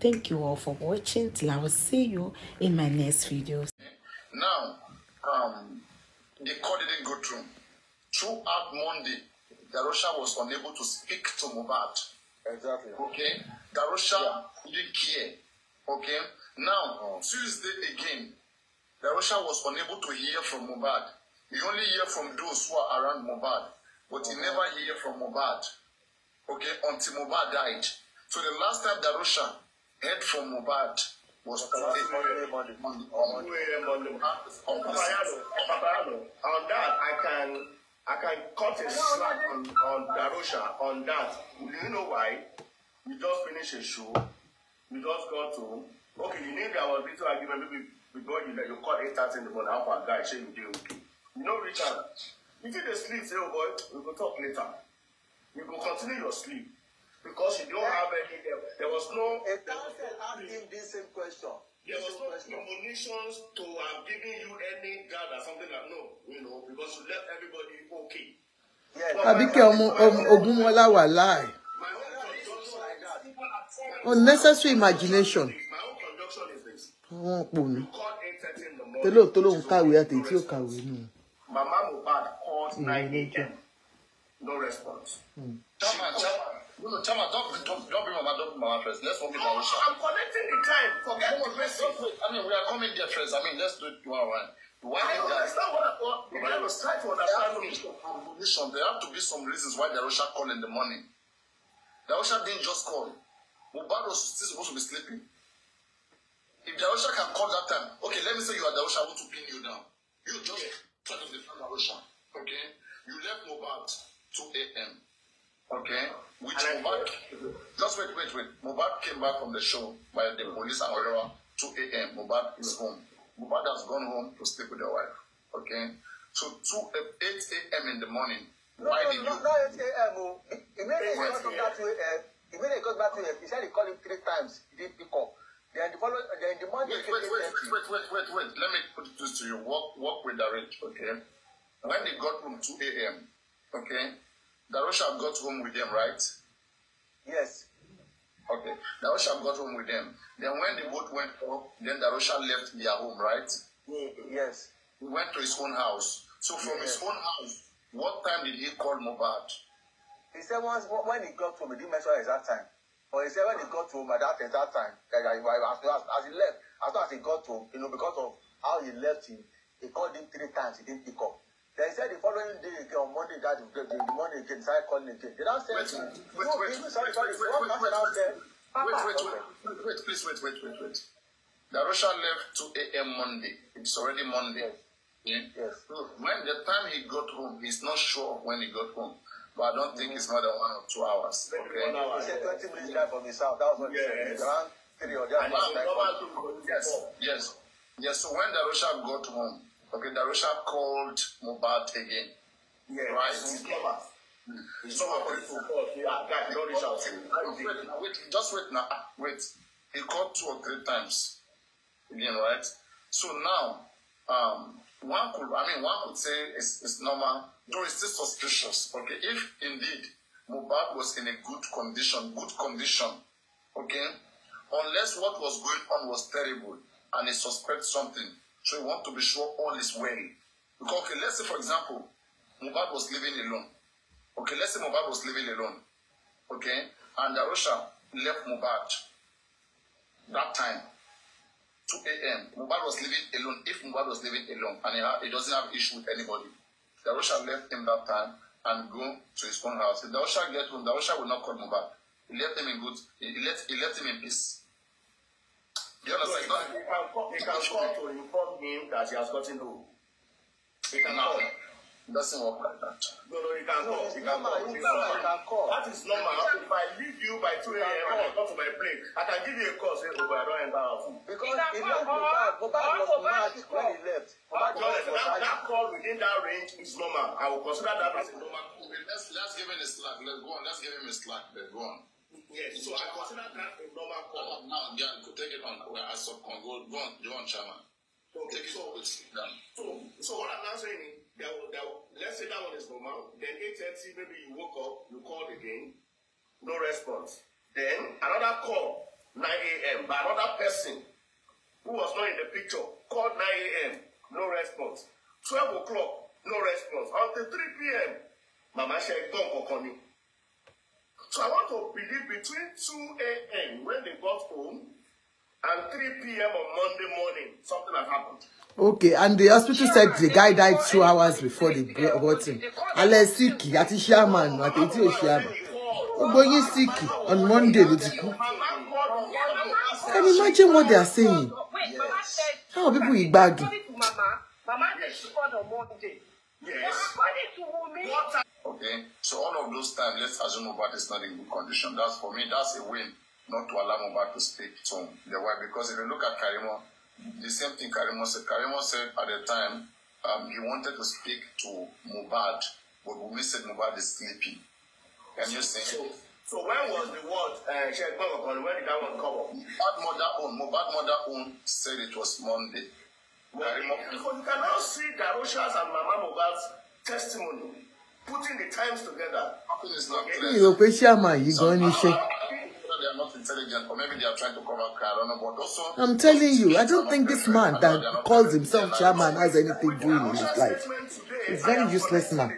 Thank you all for watching. Till I will see you in my next videos. Now, um, the call didn't go through. Throughout Monday, Darusha was unable to speak to Mubad. Exactly. Okay. Darusha yeah. didn't care. Okay. Now, oh. Tuesday again, Darusha was unable to hear from Mubad. He only hear from those who are around Mubad, but okay. he never hear from Mubad. Okay, until Mubad died. So the last time Darusha Head for Mohbad was Monday, Monday, On that, I can I can cut a slack on, on Darusha on that. You know why? We just finished a show. We just got to. Okay, you need our little argument maybe because you, you eight 8.30 in the morning. How far guy? Shame you did okay. You know, Richard, if you dey sleep, say, oh boy, we go talk later. You go continue your sleep because you don't have any. There, there was no. A council asked him this same question. There was no premonitions to have given you any God or something like no, you know, because you left everybody okay. Abike ọmọ Ogunmọlá wà láì. Unnecessary imagination. Wọ́n pò mí. Tolóò tolóò ń kàwé àtẹ̀yí tí ó kàwé nù. Mama Mohbad called nine eight mm-hmm. a.m. No response. Mm. She called. No, no, tell me, don't, don't, don't bring Mama, don't bring Mama first. Let's focus on Russia. I'm connecting the time from no, the person. I mean, we are coming there first. I mean, let's do it one one. Why I don't understand what, what the Bible was trying to understand. There have to be some reasons why the Russia called in the morning. The Russia didn't just call. Mubarak was still supposed to be sleeping. If the Russia can call that time, okay, let me say you are the Russia, I want to pin Mubad, just wait, wait, wait. Mubad came back from the show by the police and whatever, 2 a.m. Mubad is home. Mubad has gone home to sleep with the wife. Okay? So 2 8 a.m. in the morning. No, why no, did no, you? Not 8 a.m. Oh. Eh, immediately he got back to 8 a.m. Immediately he got back to 8 He said he called him three times. He didn't pick up. Then the following, then the morning. Wait, wait, wait, eh. wait, wait, wait, wait. Let me put this to you. Walk, walk with Darich, okay? When they got home 2 a.m., okay? Darusha got home with them, right? Yes. Okay. Darusha got home with them. Then when the boat went up, then Darusha left their home, right? Yes. He went to his own house. So from yes. his own house, what time did he call Mubad? He said once when he got home, he didn't mention exact time. But he said when he got home at that exact time, as, as, as he left, as soon as he got home, you know, because of how he left him, he called him three times, he didn't pick up. They said the following day again, on Monday, that the, the, the Monday again, started calling again. They now said, wait, wait, wait, no, wait, wait, sorry, sorry, wait, wait, wait, wait, there. Wait, wait, wait, wait, wait, please, wait, wait, wait, wait. The Russia left 2 a.m. Monday. It's already Monday. Yeah. Yes. So when the time he got home, he's not sure when he got home. But I don't think it's more than one or two hours. Okay. One hour, he said 20 minutes drive from his house. That was what yes. he said. Around three or just yes. yes. Yes. Yes. So when the Russia got home, Okay, Darusha called Mubad again. Hmm. Yeah, right. He's clever. Mm. Some of people. Yeah, guy, don't reach out. Wait, wait, just wait now. Ah, wait. He called two or three times. Again, right? So now, um, one could, I mean, one could say it's, it's normal, though it's still suspicious. Okay, if indeed Mubad was in a good condition, good condition, okay, unless what was going on was terrible and he suspects something, So you want to be sure all is well. Because, okay, let's say, for example, Mubad was living alone. Okay, let's say Mubad was living alone. Okay, and Darusha left Mubad that time, 2 a.m. Mubad was living alone. If Mubad was living alone and he, ha- he doesn't have issue with anybody, Darusha left him that time and go to his own house. If Darusha get home, Darusha will not call Mubad. He left him in good. He left. He left him in peace. You understand? So he can call, he can call to inform him that he has gotten home. He can call. It doesn't work like that. No, no, you can no, call. You can call. can call. That is normal. If I leave you by 2 a.m. and I come to my place, I can give you a call say, oh, I don't enter house. Because he left Mohbad. was mad when he left. that, call within that range is normal. I will consider that as a normal call. let's give him a slack. Let's go on. Let's give him a slack. Let's go on. Yes, so I consider that a normal call. Oh, now, yeah, could take it on uh, as a Congo, go on, go on, Chairman. Okay, take so, it so, so what I'm now saying is, that, that, let's say that one is normal. Then 8.30, maybe you woke up, you called again, no response. Then another call, 9 a.m., by another person who was not in the picture, called 9 a.m., no response. 12 o'clock, no response. Until 3 p.m., Mama said, Don't call me. So I want to believe between 2 a.m. when they got home and 3 p.m. on Monday morning, something had happened. Okay, and the hospital yeah, said the guy died two hours before they brought him. Alẹ́ síìkì àti ṣíàmánù àti èyí tí ò ṣíàmánù. Ó gbóyún síìkì on Monday ló ti kú. Can you imagine what they are saying? Yes. How people ìgbádùn? Mama, Mama, they should on Monday. Yes. According to Wunmi. Okay, so all of those times, let's assume Mobad is not in good condition. That's for me, that's a win not to allow Mobad to speak to the wife. Because if you look at Karimo, the same thing Karimo said. Karimo said at the time um, he wanted to speak to Mobad, but we said Mobad is sleeping. Can you see? So, so when was the word uh, eh, Sheikh When did that one come up? Mobad mother own. Mobad mother own said it was Monday. Well, Karimo, because you can now see Darusha's and Mama Mobad's testimony putting the times together. Happens is not clear. Ìrò pé ṣáàmà yìí gan ni iṣẹ́. I'm telling you, I don't think this man that calls himself chairman has anything doing in his life. He's very useless man.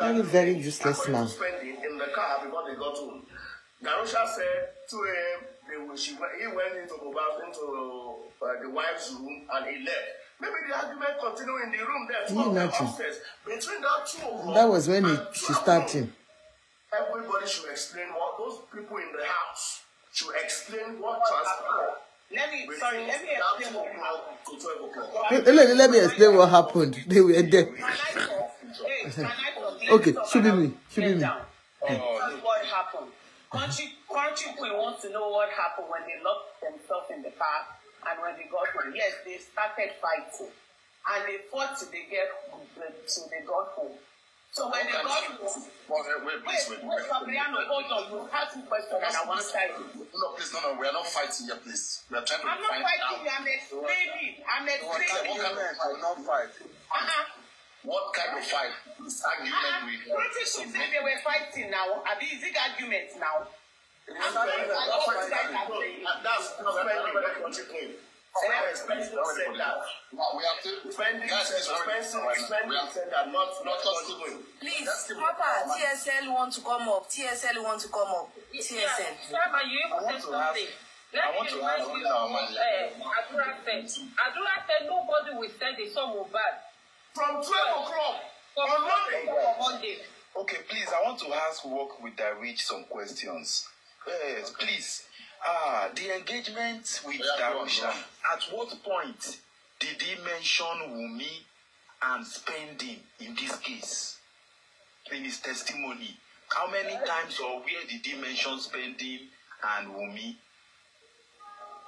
Very, very useless man. In said 2 a.m. he went into, uh, the wife's room and he left. Maybe the argument continued in the room there. Two of upstairs. Between that two of them. That was when she stabbed him. Everybody should explain what those people in the house should explain what transpired. Let me, sorry, let me explain what happened. Let, let, let me explain what happened. They were dead. okay, should be me. Should be me. Oh, what happened? Country, country, we want to know what happened when they locked themselves in the car And when they got home, yes, they started fighting. And they fought till they get to they got home. So when they got home, well, wait, wait, please, wait, wait, wait, Fabriano, hold on. You have two questions at one time. No, please, no, no. We are not fighting here, please. We are trying to I'm find not fighting. Out. I'm explaining. I'm explaining. What kind of fight? I'm not fighting. Uh-huh. What kind of fight? This argument uh-huh. we. British should say they were fighting now. Are these arguments now? Please, Papa, TSL want to come up. TSL want to come up. TSL. Papa, you even said something. Let me remind you Adura said. Adura said nobody will send a song of bad. From 12 o'clock on Monday. Okay, please, I want to ask work with the some questions yes, eh, please. Ah, the engagement with Darusha. At what point did he mention Wumi and spending in this case? In his testimony, how many times or where did he mention spending and Wumi?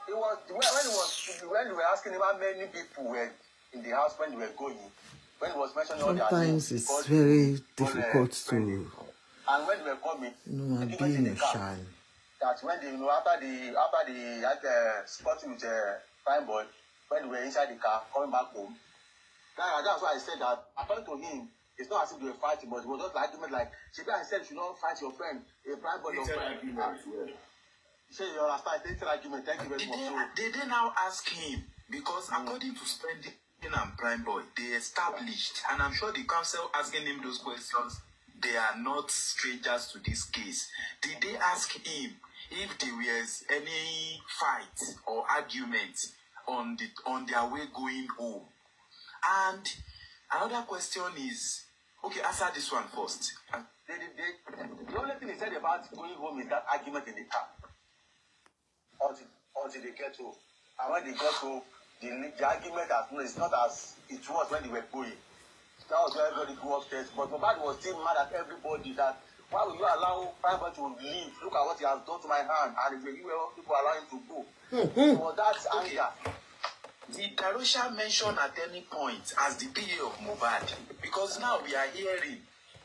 It was when it was when we were asking how many people were in the house when they were going. When it was mentioned Sometimes it's very difficult to. And when we were coming, no, I'm being a child that when they you know after the after the had uh, spot with the uh, fine boy when they were inside the car coming back home that that's why I said that according to him it's not as if they were fighting but it was just argument like she I said you not fight your friend a fine boy your friend say you understand it's an argument thank you very did much. They, so, did they now ask him because mm. according to spending and prime boy they established and i'm sure the council asking him those questions they are not strangers to this case did they ask him if there was any fight or argument on the on their way going home. And another question is, okay, answer this one first. And they, they, the only thing he said about going home is that argument in the car. Until, until they get home. And when they get home, the, the argument has, no, it's not as it was when they were going. That was where everybody grew upstairs. But my dad was still mad at everybody that Why will you allow Private to leave? Look at what he has done to my hand. And if you were people allow him to go. Mm-hmm. For that okay. anger. Did Darusha mention at any point as the PA of Mubad? Because now we are hearing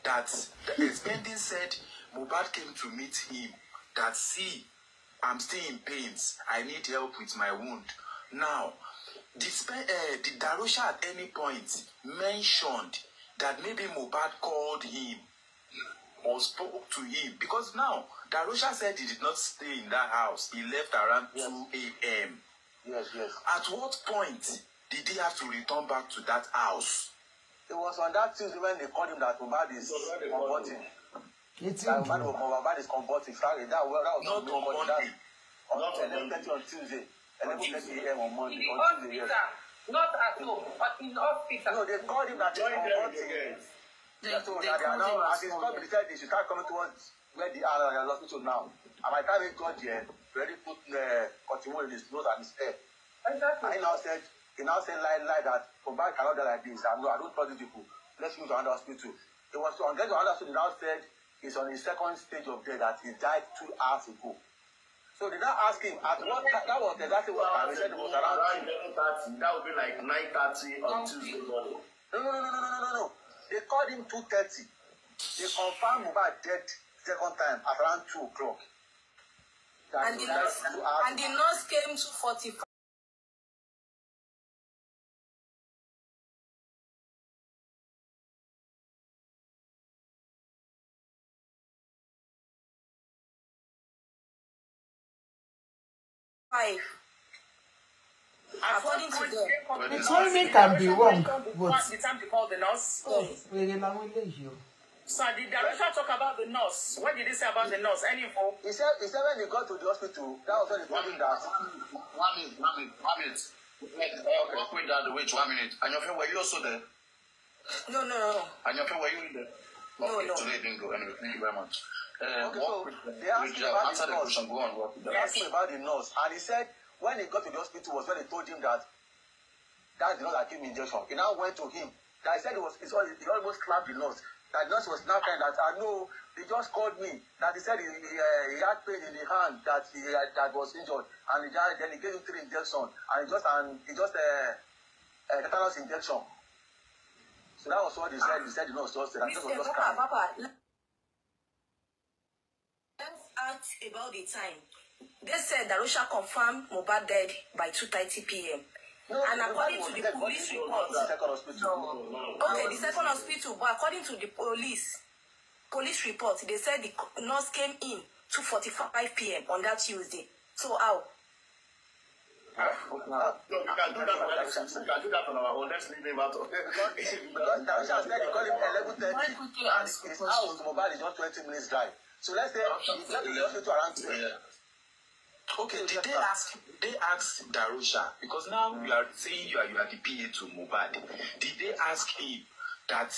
that Spending hmm. said Mubad came to meet him. That see, I'm still in pains. I need help with my wound. Now, did, uh, did Darusha at any point mentioned that maybe Mubad called him or spoke to him because now Darusha said he did not stay in that house. He left around yes. 2 a.m. Yes, yes. At what point did he have to return back to that house? It was on that Tuesday when they called him that Mohbad is converting. That Mohbad is converting. Sorry, that, well, that was not on Monday. That, on, not on, on, on Tuesday. 11:30 a.m. on Monday. In on Tuesday, Not at home, but in hospital. No, they called him that he's converting they, they, they are now, as it's God said, they should start coming towards where they are and lost to now. And by the time it got there, already put uh, cotton in his nose and his hair. Exactly. And he now said, he now said lie, lie that Mohbad cannot die like this. I'm no, I don't trust these people. Let's move to another hospital. He was on getting to another hospital, he now said he's on his second stage of death that he died two hours ago. So did I ask him at what that, that was exactly what time he said it was around 9:30. That would be like 9:30 on Tuesday morning. No, no, no, no, no, no, no, no. They called him 2.30. They confirmed Mohbad dead second time at around 2 o'clock. and the, nurse, and the nurse came to 45. Five. The timing can be wrong, but. The time to call the nurse. Oh, So the director talk about the nurse. What did he say about the nurse? Any info? He said, he said when he got to the hospital, that was when he told him that. One minute, one minute, one minute. Okay. Walk with that, wait one minute. And your friend, were you also there? No, no, no. And your friend, were you in there? Okay, no, no. today didn't go. Anyway, thank you very much. Uh, okay, so about the nurse. Question, they asked him about the nurse, and he said when he got to the hospital was when they told him that That's the nurse that gave me injection. He now went to him. That said he was, he, was, he almost slapped the nurse. That nurse was now kind that I know He just called me. That he said he, he, uh, he had pain in the hand that he uh, that was injured, and he just, then he gave him three injections, and he just and he just uh, uh, tetanus injection. So that was what he said. He said the nurse just said that was just kind. crying. Papa, let's ask about the time. They said that Russia confirmed Mohbad dead by 2:30 p.m and according to the police report okay the second hospital but according to the police police report they said the nurse came in 2:45 p.m. on that Tuesday so how. No, we can do that for we can do that for our own let's leave him out of it. because now shall we call him eleven his house mobile is just twenty minutes drive so let's say he left the around three. Okay, did they ask they asked Darusha because now you are saying you are you are the PA to Mohbad. Did they ask him that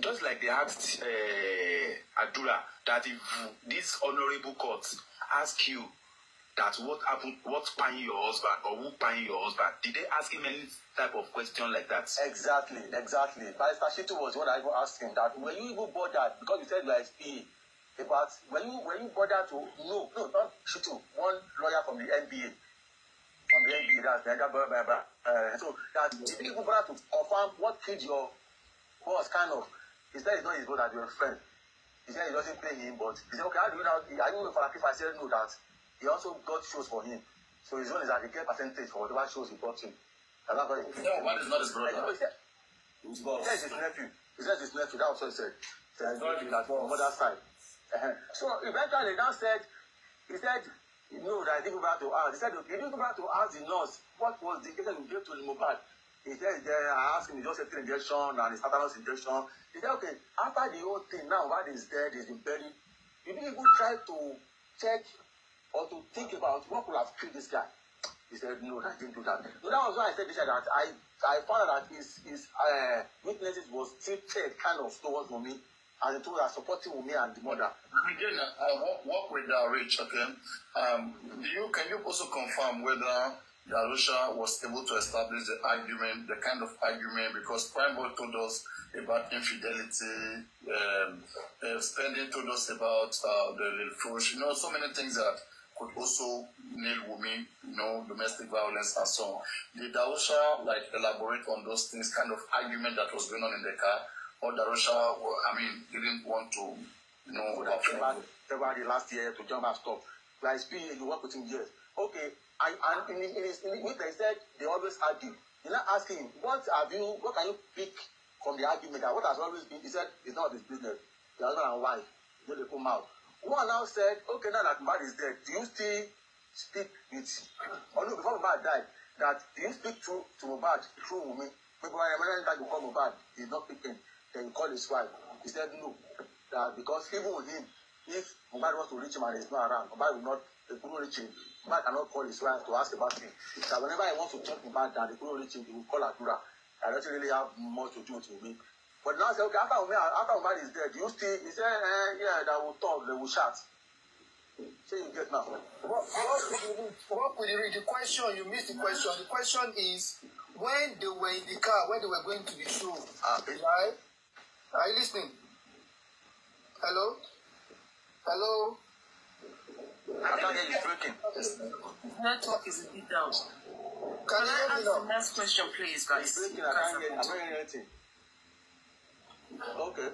just like they asked uh, eh, Adura that if this honourable court ask you that what happened, what paying your husband or who paying your husband? Did they ask him any type of question like that? Exactly, exactly. Barrister Shitu was what I even asked him that. Were you even bothered because you said you are a PA? about when you when you bother to no no not shooting one lawyer from the NBA from the NBA that's the blah blah blah. Uh, so that didn't even bother to confirm what kid your boss kind of. He said it's not his brother, your friend. He said he doesn't pay him, but he said okay, how do you now? Are you for like if I said no that he also got shows for him. So his own is that he get percentage for whatever shows he bought him. And that's why. No, one is not his brother. He said his nephew. He said his nephew. That was what he said. He said his nephew, that's what said. He his nephew, that's from mother's side. So eventually now said, he said, no, that I didn't go back to house. He said, okay, you didn't go back to ask the nurse. What was the injection you gave to Mohbad? He said, yeah, I asked him, he just said three injection and a tetanus injection. He said, okay, after the whole thing now, Mohbad is dead, he's been buried. You didn't even try to check or to think about what could have killed this guy. He said, no, I didn't do that. So that was why I said this, that I, I found out that his, his uh, witnesses was tilted kind of towards me. as the are supporting and the mother. Again, uh, I work, work with uh, Rich, okay? Um, do you, can you also confirm whether Darusha was able to establish the argument, the kind of argument, because Prime Boy told us about infidelity, um, uh, Spending told us about uh, the little you know, so many things that could also nail women, you know, domestic violence and so on. Did Darusha like elaborate on those things, kind of argument that was going on in the car? or that I mean, didn't want to, you know, so that February, February last year to jump and stop. Like, it's you work with him years. Okay, and, and in, his, in what they said, they always argue. You're not asking, what have you, what can you pick from the argument that what has always been, he said, it's not his business. The husband and wife, they come out. One now said, okay, now that Mohbad is dead, do you still speak with, Oh no, before Mohbad died, that do you speak to, to Mohbad through me? People are emerging that you call Mohbad, he's not picking. Then he called his wife. He said, No, that because even with him, if Mohbad wants to reach him and he's not around, Mohbad will not, they couldn't reach him. Mohbad cannot call his wife to ask about him. So whenever he want to talk to Mohbad that they couldn't reach him, he will call Adura. I don't really have much to do with him. But now I say, okay, after Mohbad, after Mohbad is dead, you still, he said, eh, yeah, that will talk, they will chat. So you get now. What, what could you read? The question, you missed the question. The question is, when they were in the car, when they were going to the show, uh, right? Are you listening? Hello? Hello? I can't hear you breaking. His network is a bit down. Can, Can I ask the next question, please, guys? breaking. I can't hear, anything. Okay.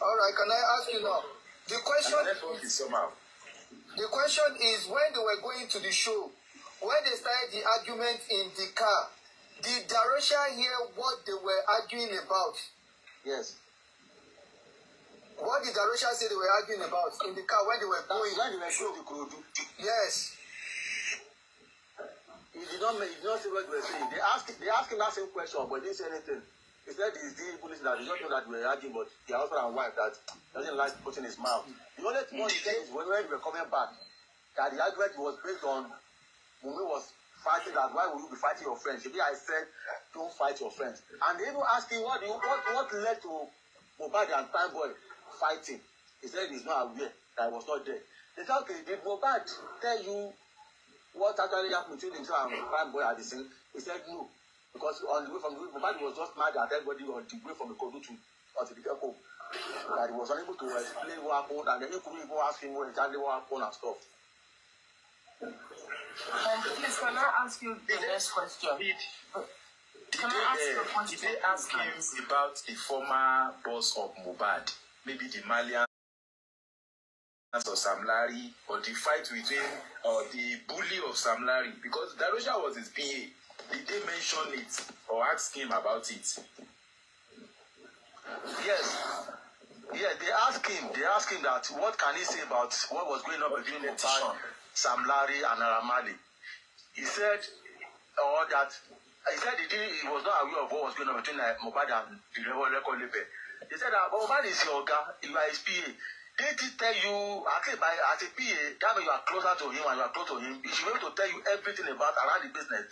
All right. Can I ask you now? The question. is somehow. The question is when they were going to the show, when they started the argument in the car, did Darusha hear what they were arguing about? Yes. What did Arusha say they were arguing about in the car when they were going? When they were showing the Kurodu. Yes. He did not he did not say what they were saying. They asked they asked him that same question, but he didn't say anything. He said it's the police that is not know that we were arguing, but the husband and wife that doesn't like putting his mouth. The only thing he said is when we were coming back, that the argument was based on when we was fighting that why will you be fighting your friends? Maybe I said don't fight your friends. And they even him, what do you, what what led to Mohbad and Prime Boy fighting. He said he's not aware that I was not there. They said, okay, did Mohbad tell you what actually happened between himself and Prime Boy at the same? He said no. Because on the way from the Mohbad was just mad at everybody on the way from the Kodu to or to That he was unable to explain what happened and then he couldn't even ask him what exactly what happened and stuff. Um, please, can I ask you the did next question? Did, did can they, I ask uh, question? Did they ask him uh, about the former boss of Mubad, maybe the Malian? Of Samlari or the fight between or the bully of Samlari because Darusha was his PA. Did they mention it or ask him about it? Yes. Yeah, they ask him. They ask him that what can he say about what was going on between the Mubad Sam Larry and Aramali. He said or that he said he, did, he was not aware of what was going on between uh, Mohbad and the record label. He said that Mohbad is your guy, you are his PA. They did tell you, at least by as a PA, that way you are closer to him and you are close to him. He should be able to tell you everything about around the business.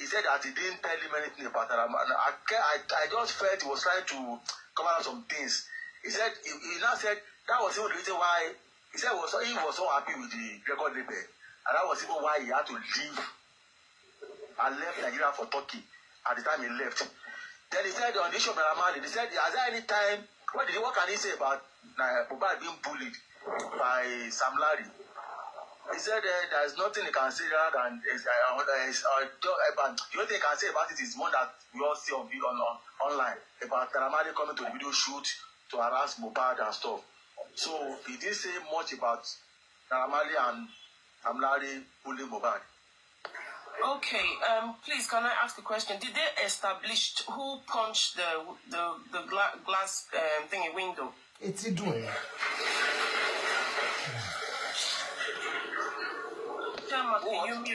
He said that he didn't tell him anything about Aramali. I, I, I just felt he was trying to cover up some things. He said, he, he now said that was the reason why He said was, he was so happy with the record label. And that was even why he had to leave and left Nigeria for Turkey at the time he left. Then he said on the issue of Naramali, he said, Has there any time, what, did he, what can he say about uh, being bullied by Sam Larry? He said uh, is nothing he can say other than uh, uh, uh, is, uh, uh, the only thing he can say about it is one that we all see on, on, online about Naramali coming to the video shoot to harass Mubad and stuff. So he didn't say much about Naramali and Tamlari pulling Mobad. Okay, um, please can I ask a question? Did they establish who punched the the, the gla glass um, thingy window? It's a doing.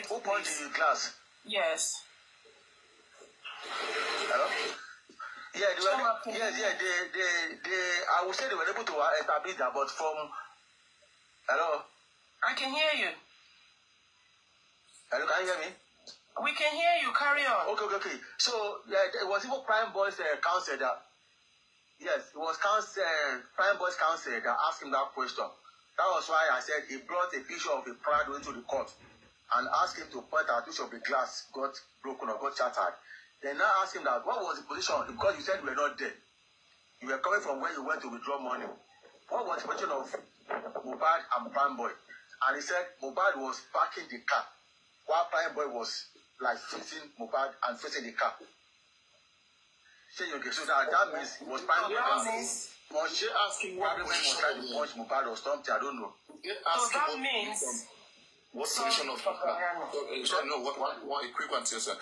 who punched the glass? Yes. Yeah, they were, yes, yeah, they, they, they, I would say they were able to uh, establish that, but from, hello? I can hear you. Hello, can you hear me? We can hear you. Carry on. Okay, okay, okay. So yeah, it was even Prime Boys uh, Council that, yes, it was council, uh, Prime Boys Council that asked him that question. That was why I said he brought a picture of a pride into the court and asked him to point out which of the glass got broken or got shattered. They now ask him that what was the position? Because you said you were not there. You were coming from where you went to withdraw money. What was the position of Mubad and Prime Boy? And he said Mubad was parking the car while Prime Boy was like facing Mubad and facing the car. So okay, so that, that means he was Prime Boy. Or she asking what Prime Boy was trying to punch Mubad or something, I don't know. So that means. What position of? Uh, uh, no, what, what, what, a quick one, sir.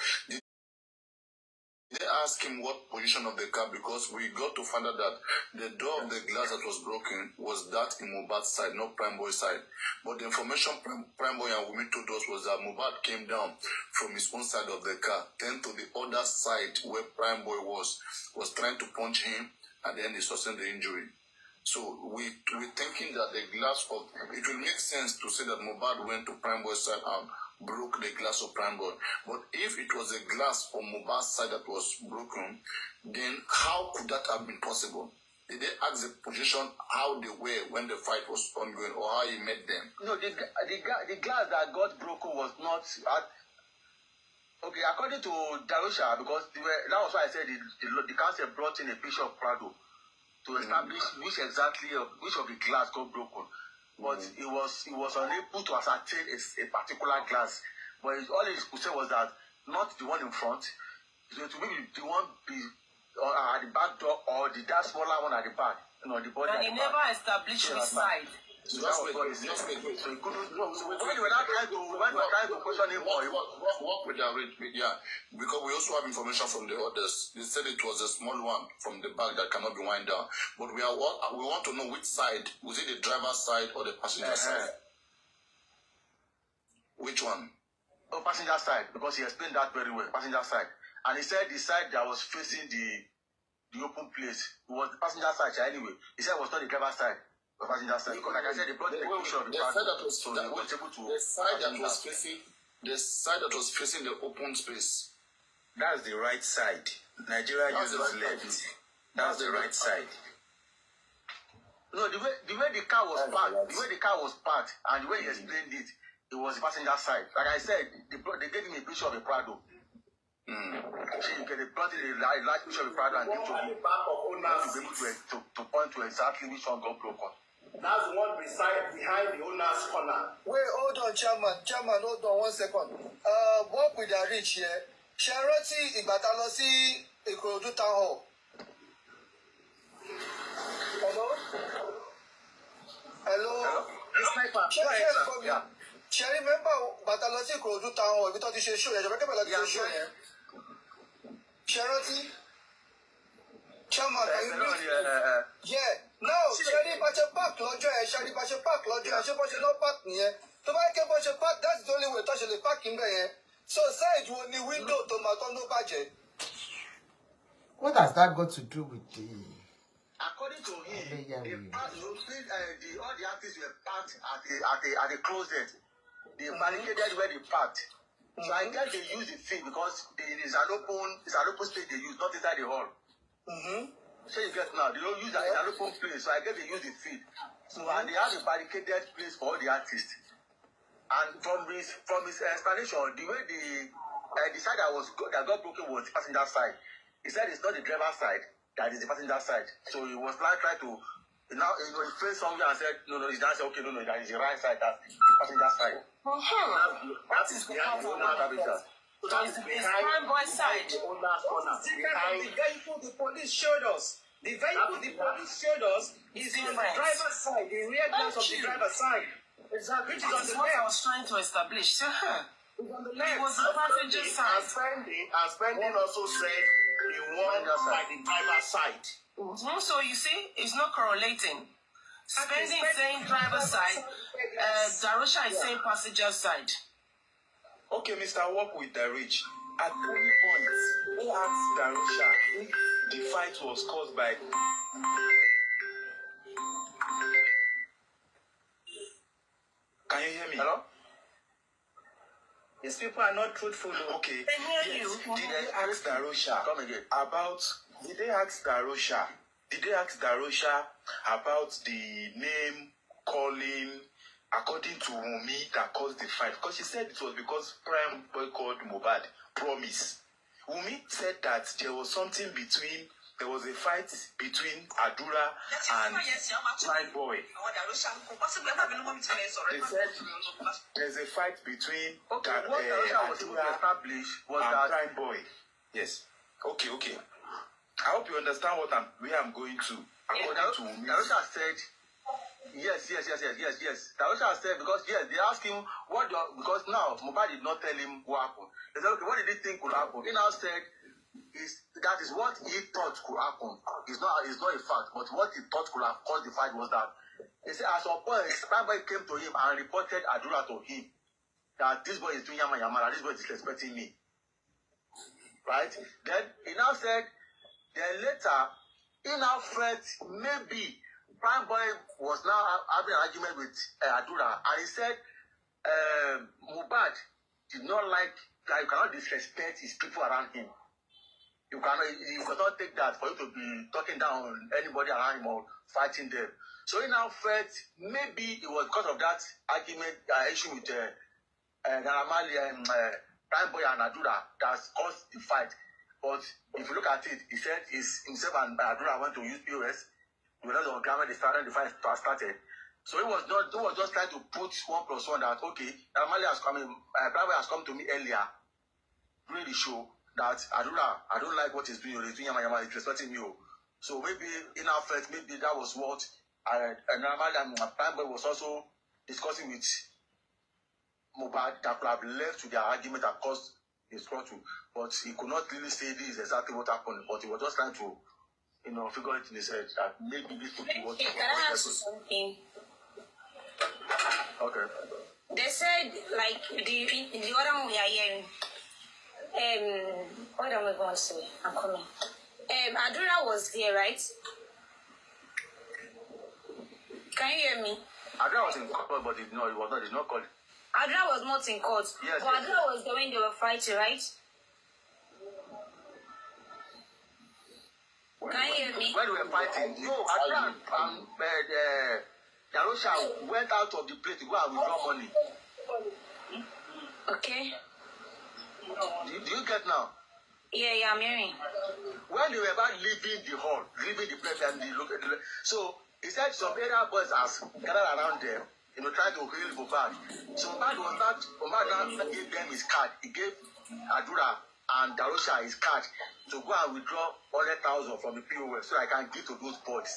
They asked him what position of the car because we got to find out that the door of the glass that was broken was that in Mubad's side, not Prime Boy's side. But the information Prime, Boy and Wumi told us was that Mubad came down from his own side of the car, then to the other side where Prime Boy was, was trying to punch him, and then he sustained the injury. So we we're thinking that the glass of it will make sense to say that Mubad went to Prime Boy's side and broke the glass of prime God. But if it was a glass on Mubarak's side that was broken, then how could that have been possible? Did they ask the position how they were when the fight was ongoing or how you met them? No, the, the, the glass that got broken was not. At, okay, according to Darusha, because were, that was why I said the, the, the council brought in a picture of Prado to mm. establish mm. which exactly of, which of the glass got broken but he was he was unable to ascertain a, a particular glass. But it, all he could say was that not the one in front, so it will be the one be, uh, at the back door or the that smaller one at the back, you know, the body. But he the never established so his side. So that's what it is. That's So you couldn't. not trying to, question him, or work with the arrangement, yeah. Because we also have information from the others. They said it was a small one from the back that cannot be wind down. But we are we want to know which side. Was it the driver's side or the passenger uh-huh. side? Which one? Oh, passenger side, because he explained that very well. Passenger side, and he said the side that was facing the the open place it was the passenger side anyway. He said it was not the driver's side the, side that was, facing the side that was facing the open space. That's the right side. Nigeria uses right left. That's, That's the, right, side. No, the way the way the car was That's parked, right. the way the car was parked, and the way he mm-hmm. explained it, it was the passenger side. Like I said, they, they gave me a picture of a Prado. Mm. So you get a brought in a large picture of a Prado and give to me to be able to, to, to point to exactly which one got broken. That's one beside behind the owner's corner. Wait, hold on, chairman. Chairman, hold on one second. Uh, what with the rich here? Charity in ìgbà tá lọ sí town hall? Hello? Hello? Ṣé ṣe ń gbọ́ mi? Ṣé rí mẹ́mbà bàtà lọ sí Ìkòròdú town hall ibi tó ti ṣe ṣó yẹn? Ṣé mẹ́kẹ́ bàtà ti ṣe ṣó yẹn? Ṣé rántí? Chairman, can you please? Yeah náà ṣẹlẹ̀ bá ṣe park lọ́jọ́ ẹ̀ ṣẹlẹ̀ bá park lọ́jọ́ ẹ̀ ṣé bó ṣe park nìyẹn tó bá ké bó park that's the only way tó ṣe lè park ń bẹ̀ yẹn so side wo ni window tó máa tán ló bàjẹ́. What has that got to do with the? According to him, the part, uh, the, all the artists were parked at the at the at the closet. They mm-hmm. barricaded where they parked. So I mm-hmm. guess they use the field because it is an open it's an open space they use, not inside the hall. Mm-hmm. So you get now, they don't use yeah. an open place, so I get to use the field. So and they have a barricaded place for all the artists. And from his from his explanation, the way the uh, the side that was that got broken was the passenger side. He said it's not the driver side that is the passenger side. So he was like trying to now you know, he faced somewhere and said, No, no, he's not said, okay, no, no, that is the right side, that's the passenger side. Mm-hmm. That, that is the, the, the, the, the, the, the, the, the it's, it's crime by side. What is different the vehicle the police showed us? The vehicle the police showed us is in the driver's side, the rear glass of the driver's side. Exactly. Which is on the what left. I was trying to establish. So, It's on the left. It was the passenger side. As Aspendi also said the one by the driver's side. Mm -hmm. So you see, it's not correlating. Spending saying driver's side, uh, Darusha is yeah. saying passenger side. Okay, Mr. Work with Darich. At three points, who asked Darusha if the fight was caused by Can you hear me? Hello? These people are not truthful. Though. Okay. They hear yes. you. Did they ask Darusha about did they ask Darusha? Did they ask Darusha about the name calling according to Wunmi that caused the fight because she said it was because prime boy called Mohbad promise Wunmi said that there was something between there was a fight between Adura and prime boy they said there's a fight between okay, that, uh, Adura was and that... prime boy yes okay okay I hope you understand what I'm where I'm going to according yeah, that, to Wunmi. said Yes, yes, yes, yes, yes, yes. Tarusha said because yes, they asked him what your because now Mohbad did not tell him what happened. They said, Okay, what did he think could happen? He now said is that is what he thought could happen. Is not is not a fact, but what he thought could have caused the fight was that he said at some point Primeboy came to him and reported Adura to him that this boy is doing yama yama, that this boy is disrespecting me. Right? Then he now said then later he now felt maybe Prime Boy was now having an argument with uh, Adura, and he said uh, Mohbad did not like that. You cannot disrespect his people around him. You cannot, you cannot take that for you to be talking down on anybody around him or fighting them. So he now felt maybe it was because of that argument uh, issue with uh, eh, uh, Naramali and uh, Prime Boy and Adura that caused the fight. But if you look at it, he said his, himself and Adura went to use POS You know the grammar, they started the fine started. So it was not, it was just trying to put one plus one that, okay, Amali has come in, uh, Bravo has come to me earlier during the show that I don't, I don't like what he's doing, he's doing Yamayama, he's respecting you. Oh. So maybe in our faith, maybe that was what I, uh, and Amali and Prime was also discussing with Mobad that could have led to their argument that caused his throttle. But he could not really say this is exactly what happened, but he was just trying to you know, figure it in his head that maybe this could be what. Can I ask something? Okay. They said like the the other one we are hearing. Um, what am I going to say? I'm coming. Um, Adura was there, right? Can you hear me? Adura was in court, but it, no, it was not. It's not called. Adura was not in court. Yes. But yes, Adura yes. was there when they were fighting, right? Can you hear me? When we were fighting, no, Adra and um, uh, Yarosha went out of the place to go and withdraw money. Okay. Do, do you get now? Yeah, yeah, I'm hearing. When they were about leaving the hall, leaving the place, and the, the so he said some area boys has gathered around them, you know, trying to heal Mohbad. So Mohbad was not, Mohbad now gave them his card. He gave Adura and Darusha is card to go and withdraw hundred thousand from the POS so I can give to those boys.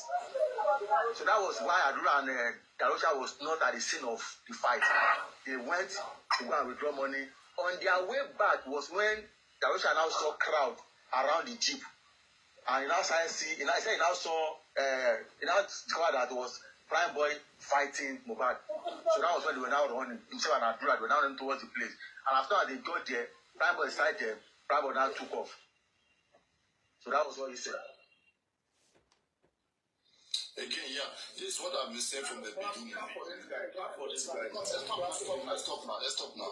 So that was why Adura and uh, Darusha was not at the scene of the fight. They went to go and withdraw money. On their way back was when Darusha now saw crowd around the jeep, and now started see. He now said now saw. Uh, he now discovered that was Prime Boy fighting Mohbad. So that was when they were now running. Himself and Adura they were now running towards the place. And after they got there, Prime Boy started. Uh, Proud of that took off. So that was what he said. Again, yeah, this is what I've been saying from the beginning. Let's stop now. Let's stop now. Let's stop now.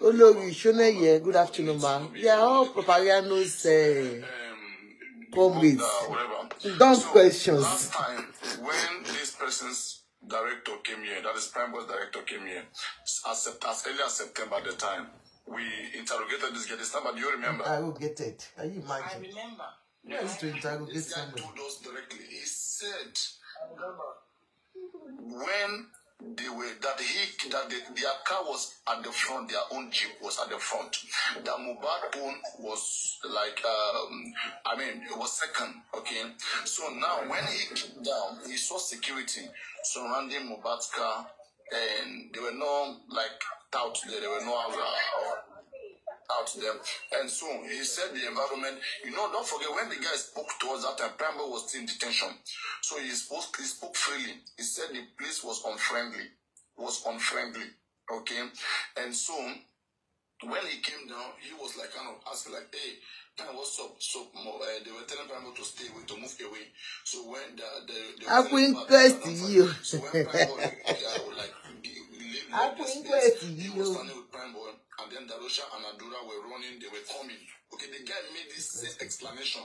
I'm coordinating. good afternoon, ma'am. Yeah, are all Papariano's uh, comrades. Uh, Don't questions. Last time, when this person's director came here, that is Prime Boss director came here, as, as early as September at the time, we interrogated this guy this time, but you remember? Interrogated. Can you imagine? I remember. Yes, to interrogate this guy told us directly. He said, when they were that he that the, their car was at the front, their own jeep was at the front. That Mubarak was like um, I mean it was second. Okay, so now when he came down, he saw security surrounding Mubarak's car and there were no like out there, there were no uh, out there. And so he said the environment, you know, don't forget when the guy spoke to us that time, Prambo was still in detention. So he spoke, he spoke freely. He said the place was unfriendly, was unfriendly. Okay. And so when he came down, he was like kind of asking like, hey, Pam, what's up? So uh, they were telling Pambo to stay away, to move away. So when the, the, the I went not you. So when he was happen with Prime Boy. And then Darusha and Adura were running, they were coming. Okay, the guy made this explanation,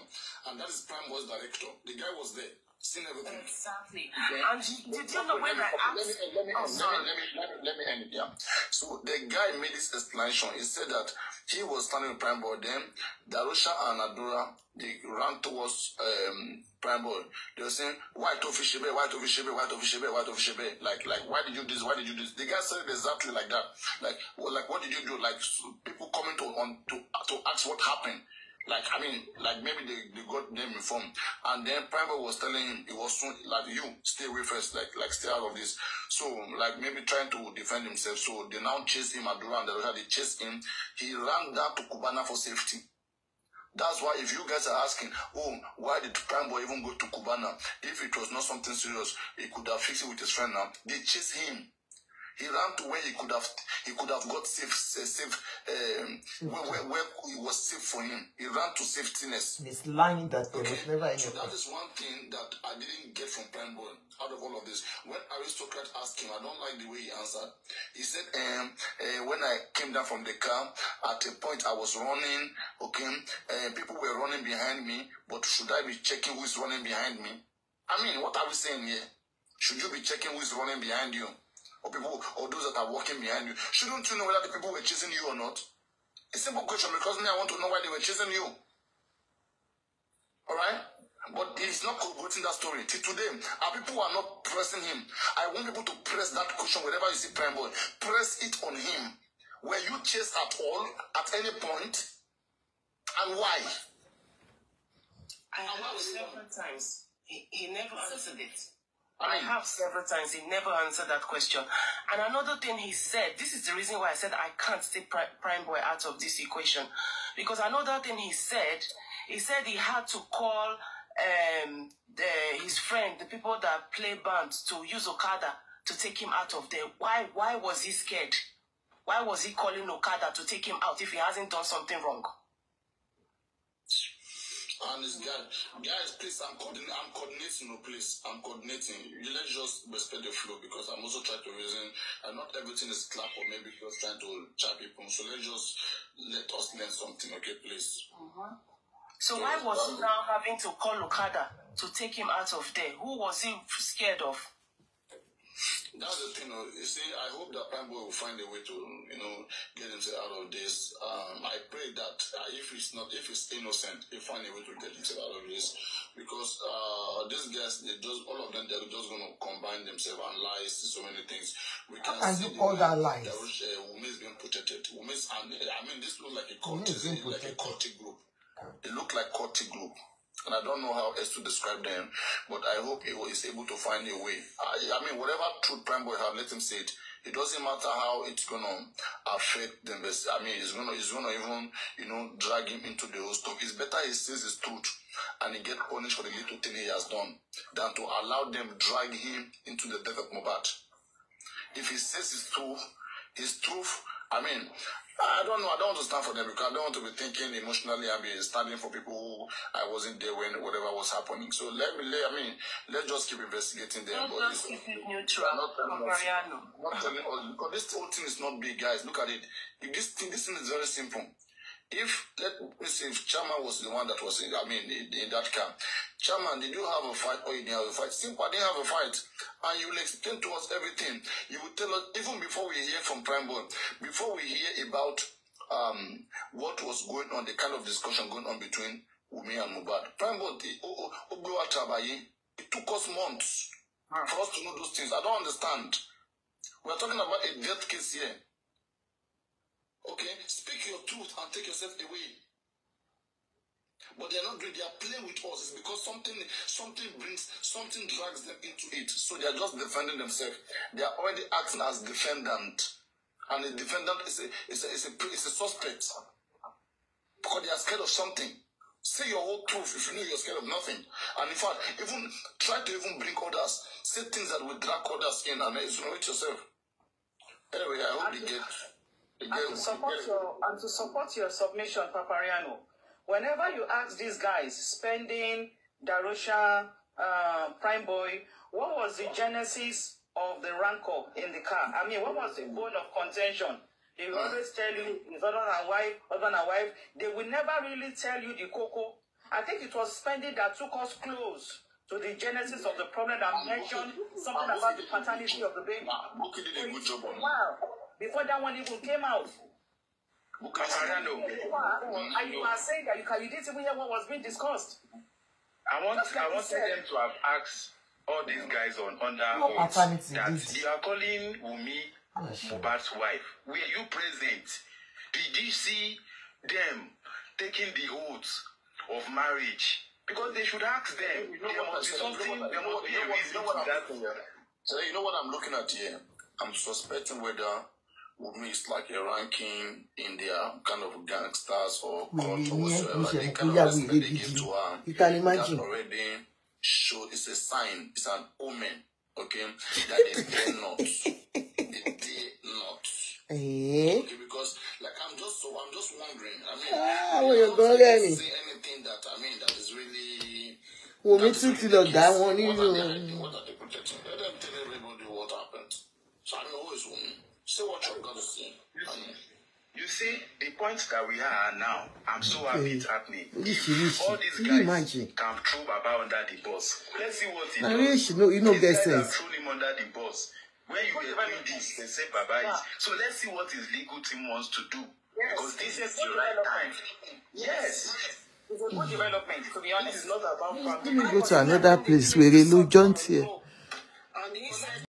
and that is Prime Boy's director. The guy was there, seen everything. Exactly. Okay. And did you know when I asked? Let me, let me, oh, let, me, let, me, let me end it. Yeah. So the guy made this explanation. He said that he was standing with Prime Boy then. Darusha and Adura, they ran towards um, Bible. They were saying, why Tofi Shebe, why Tofi Shebe, why Tofi Shebe, why Tofi Shebe? Like, like, why did you do this? Why did you do this? The guy said exactly like that. Like, well, like, what did you do? Like, so people coming to on to to ask what happened. Like, I mean, like maybe they, they got them informed. And then Bible was telling him it was soon like you stay away first, like like stay out of this. So like maybe trying to defend himself. So they now chase him at the and they chase him. He ran down to Kubana for safety. That's why if you guys are asking, oh, why did Primeboy even go to Cubana? If it was not something serious, he could have fixed it with his friend now. They chased him. He ran to where he could have he could have got safe eh, safe um, where, where, where it was safe for him. He ran to safetyness. It's lying that there okay? was never anything. So that is one thing that I didn't get from Prime Boy out of all of this. When aristocrat asked him, I don't like the way he answered. He said, um, uh, when I came down from the car, at a point I was running. Okay, uh, people were running behind me, but should I be checking who is running behind me? I mean, what are we saying here? Should you be checking who is running behind you? or people or those that are walking behind you. Shouldn't you know whether the people were chasing you or not? A simple question because me, I want to know why they were chasing you. Alright? But he's not quoting that story. Till today, our people are not pressing him. I want people to press that question wherever you see Prime Boy. Press it on him. Were you chased at all, at any point? And why? I and several times. He, he never answered it. I have several times. He never answered that question. And another thing he said, this is the reason why I said I can't take Prime Boy out of this equation. Because another thing he said, he said he had to call um, the, his friend, the people that play band, to use Okada to take him out of there. Why, why was he scared? Why was he calling Okada to take him out if he hasn't done something wrong? And it's guy, guys, please, I'm coordinating. I'm coordinating. No, please, I'm coordinating. You let's just respect the flow because I'm also trying to reason. And not everything is clap or maybe just trying to chat people. So let's just let us learn something, okay, please. Mm-hmm. So, why was he now having to call Okada to take him out of there? Who was he scared of? that's the thing. You, see, I hope that Prime Boy will find a way to, you know, get himself out of this. Um, I pray that uh, if it's not, if it's innocent, he find a way to get himself out of this, because uh, these guys, they just all of them, they're just gonna combine themselves and lie, so many things. We can and see all that lies. That which, uh, women is being protected. Women, and I mean, this looks like a cult, like protected. a cultic group. It looked like cultic group and I don't know how else to describe them, but I hope he is able to find a way. I, I mean, whatever truth Prime Boy have, let him say it. It doesn't matter how it's going to affect the invest. I mean, it's gonna it's gonna even you know drag him into the whole stuff. It's better he says his truth and he get punished for the little thing he has done than to allow them drag him into the death of Mobat. If he says his truth, his truth. I mean, I don't know. I don't want to stand for them because I don't want to be thinking emotionally. I'll be standing for people who I wasn't there when whatever was happening. So let me, let, I mean, let's just keep investigating them. Don't just keep it neutral. Not, not telling us because this whole thing is not big, guys. Look at it. If this thing, this thing is very simple. If let me see if Chama was the one that was in, I mean, in, in that camp, Chairman, did you have a fight or you didn't have a fight? Simple, I didn't have a fight. And you will explain to us everything. You will tell us, even before we hear from Prime Board, before we hear about um, what was going on, the kind of discussion going on between Umi and Mubad. Prime Board, the Obewa Tabayi, it took us months for us to know those things. I don't understand. We're talking about a death case here. Okay? Speak your truth and take yourself away. But they are not doing, they are playing with us. It's because something something brings, something drags them into it. So they are just defending themselves. They are already acting as defendant. And the defendant is a, is a, is a, is a suspect. Because they are scared of something. Say your whole truth if you know you're scared of nothing. And in fact, even try to even bring others. Say things that will drag others in and isolate yourself. Anyway, I hope you get and to support your and to support your submission, Papariano. Whenever you ask these guys, spending Darusha, uh, Prime Boy, what was the genesis of the rancor in the car? I mean, what was the bone of contention? They will always tell you husband and wife, husband and wife. They will never really tell you the cocoa. I think it was spending that took us close to the genesis of the problem that mentioned something about the paternity of the baby. Wow. before that one even came out. Bukatarano. And you are saying that you, can, you didn't even hear what was being discussed. I want like I wanted them to have asked all these guys on under oath that did. you are calling Wumi Mohbad's wife. Were you present? Did you see them taking the oath of marriage? Because they should ask them. You know there must be something. There must be a reason to that. So you know what I'm looking at here. I'm suspecting whether would meet like a ranking in their kind of gangsters or cult or whatsoever. The kind of respect they give to her, you can imagine. already show it's a sign, it's an omen, okay, that they dare not. they dare not. Eh? Okay, because like I'm just so I'm just wondering. I mean, ah, well, you're gonna anything that I mean that is really. Well, me too. Kill really that one. What are they protecting? Let them tell everybody what happened. So I know who is woman. You see, the point that we are now, I'm so okay. happy it's happening. This All these guys imagine. can throw Baba under the bus. Let's see what he Now, does. You you know, these guys sense. thrown him under the bus. When you get doing this, they say Baba yeah. is. Ah. So let's see what his legal team wants to do. Yes. Because this is the right time. Yes. It's a good hmm. development, to be honest. It's not about Let me go to another place where they look John here.